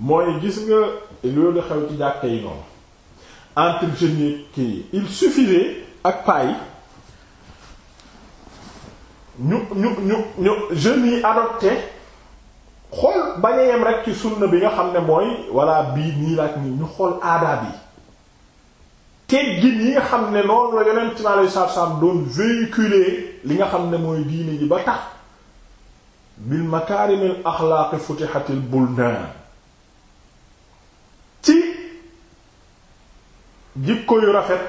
mooy gis nga loolu xew ci jàkka yi noonu entre jeunes kii il suffisait ak paa yi ñu ñu ñu ñu jeunes yi adopté xool bañ a rek ci sunna bi nga xam ne mooy walla bii nii laaj nii ñu xool aadaab yi teggin yi xam ne noonu la yonent mi alayhi salaatu salaam doon véhiculer li nga xam ne mooy diine ji ba tax bil makaarimil axlaaqi futihatil buldaan jikko yu rafet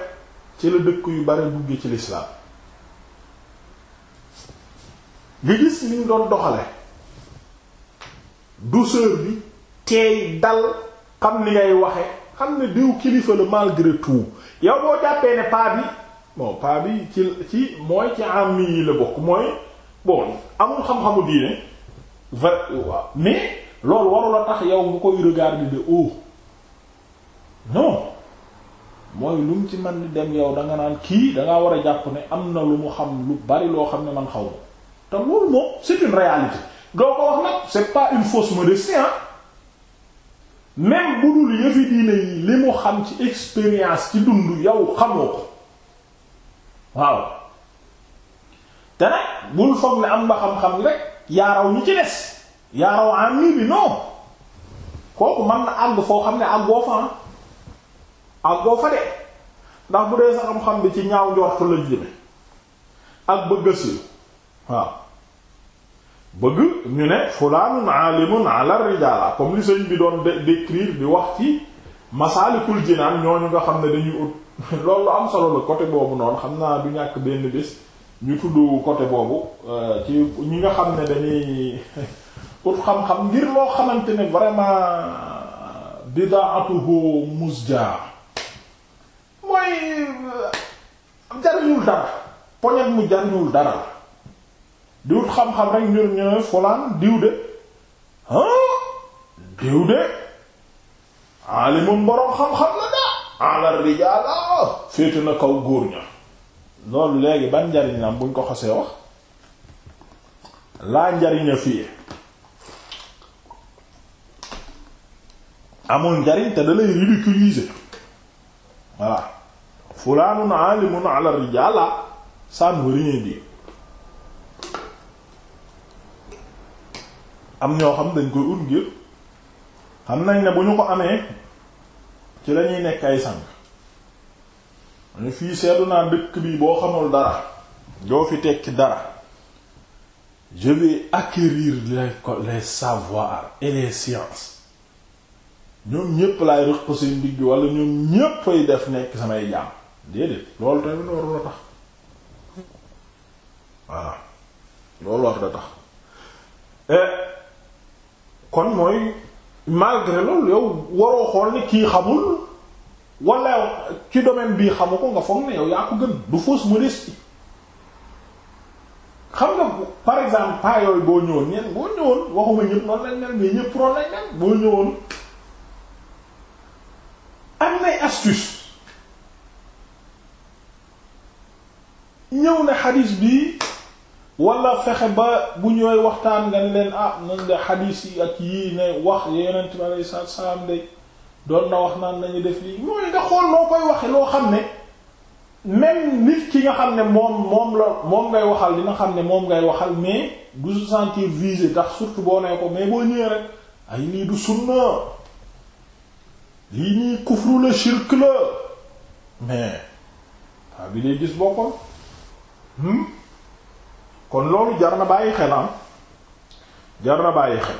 ci la dëkk yu bari dugge ci lislaam nga gis li ñu doon doxale douceur bi teey dal xam ni ngay waxe xam ne diw kilifa la malgré tout yow boo jàppee ne paa bi bon paa bi ci ci mooy ci am yi la bokk mooy bon amul xam-xamu diine vrai waaw mais loolu warula tax yow nga koy regarder de haut non mooy lu mu ci man di dem yow da nga naan kii da war a jàpp ne am na lu mu xam lu bari loo xam ne man xaw ma te loolu moom c'est une réalité doo ko wax nag c'est pas une xam ci expérience ci dund yow xamoo ko waaw te nag bul foog ne am nga xam-xam rek yaaraw ñu ci des yaaraw en nii bi non kooku mën na àgg foo xam ne àggoo fa ak boo fa de ndax bu dee sa xam-xam bi ci ñaaw njort la jëme ak bëgg a siiw waaw bëgg ñu ne naa fulaanun aalimun ala rijaala comme li sëñ bi doon décrire di wax ci masaalikul jinaan ñooñu nga xam ne dañuy ut loolu am solo la côté boobu noonu xam naa du ñàkk benn bés ñu tudd côté boobu euh, ci ñi nga xam ne dañuy ut xam-xam ngir loo xamante atu vraiment euh, bidaatuhu musja mooy jariñul dara poñet mu jariñul dara la diwut xam-xam rek ñu ñu folaan diw de diw de alimum boroom xam-xam la daa alal rijaala féete na kaw góor ña loolu léegi ban njariñ la buñ ko xasee wax laa njariña fii amul njariñ te da lay ridiculiser fulaanun alimun ala rijala ça ne veut rien dire am ñoo xam dañ koy ut ngir xam nañ ne bu ñu ko amee ci lañuy nekk ay sang ñu fii seetlu naa dëkk bi boo xamul dara doo fi tekki dara je vais acquérir les les savoirs et les sciences ñoom ñépp laay rëq seen digg wala ñoom ñépp ay def nekk samay jaam déedéet loolu tamit warul la war da tax eh, kon mooy malgré loolu yow waroo xool ni kii xamul wala ci domaine bii xamu ko nga foog ne yow yaa ko gën du fausse modestie xam nga par exemple pas boo ñëwoon ñenn boo ñëwoon waxuma ñëpp ñëpp noonu lañ mel boo ñëwoon am nay astuce ñëw ne xadis bii wala fexe ba bu ñooy waxtaan nga leen ah nañ de yi ak yii ne wax yonent bi alayhi salaatu salaam de doon na wax naan nañu def lii mooy nga xool loo koy waxe loo xam ne même nit ki nga xam ne moom moom la moom ngay waxal li nga xam ne moom ngay waxal mais du se sentir yi tax surtout boo nee ko mais boo ñëwee ay lii du sunna lii nii kufru la shirk la mais waa bi lay gis boppam Hmm? kon loolu jar na bàyyi xel ah. jar na bàyyi xel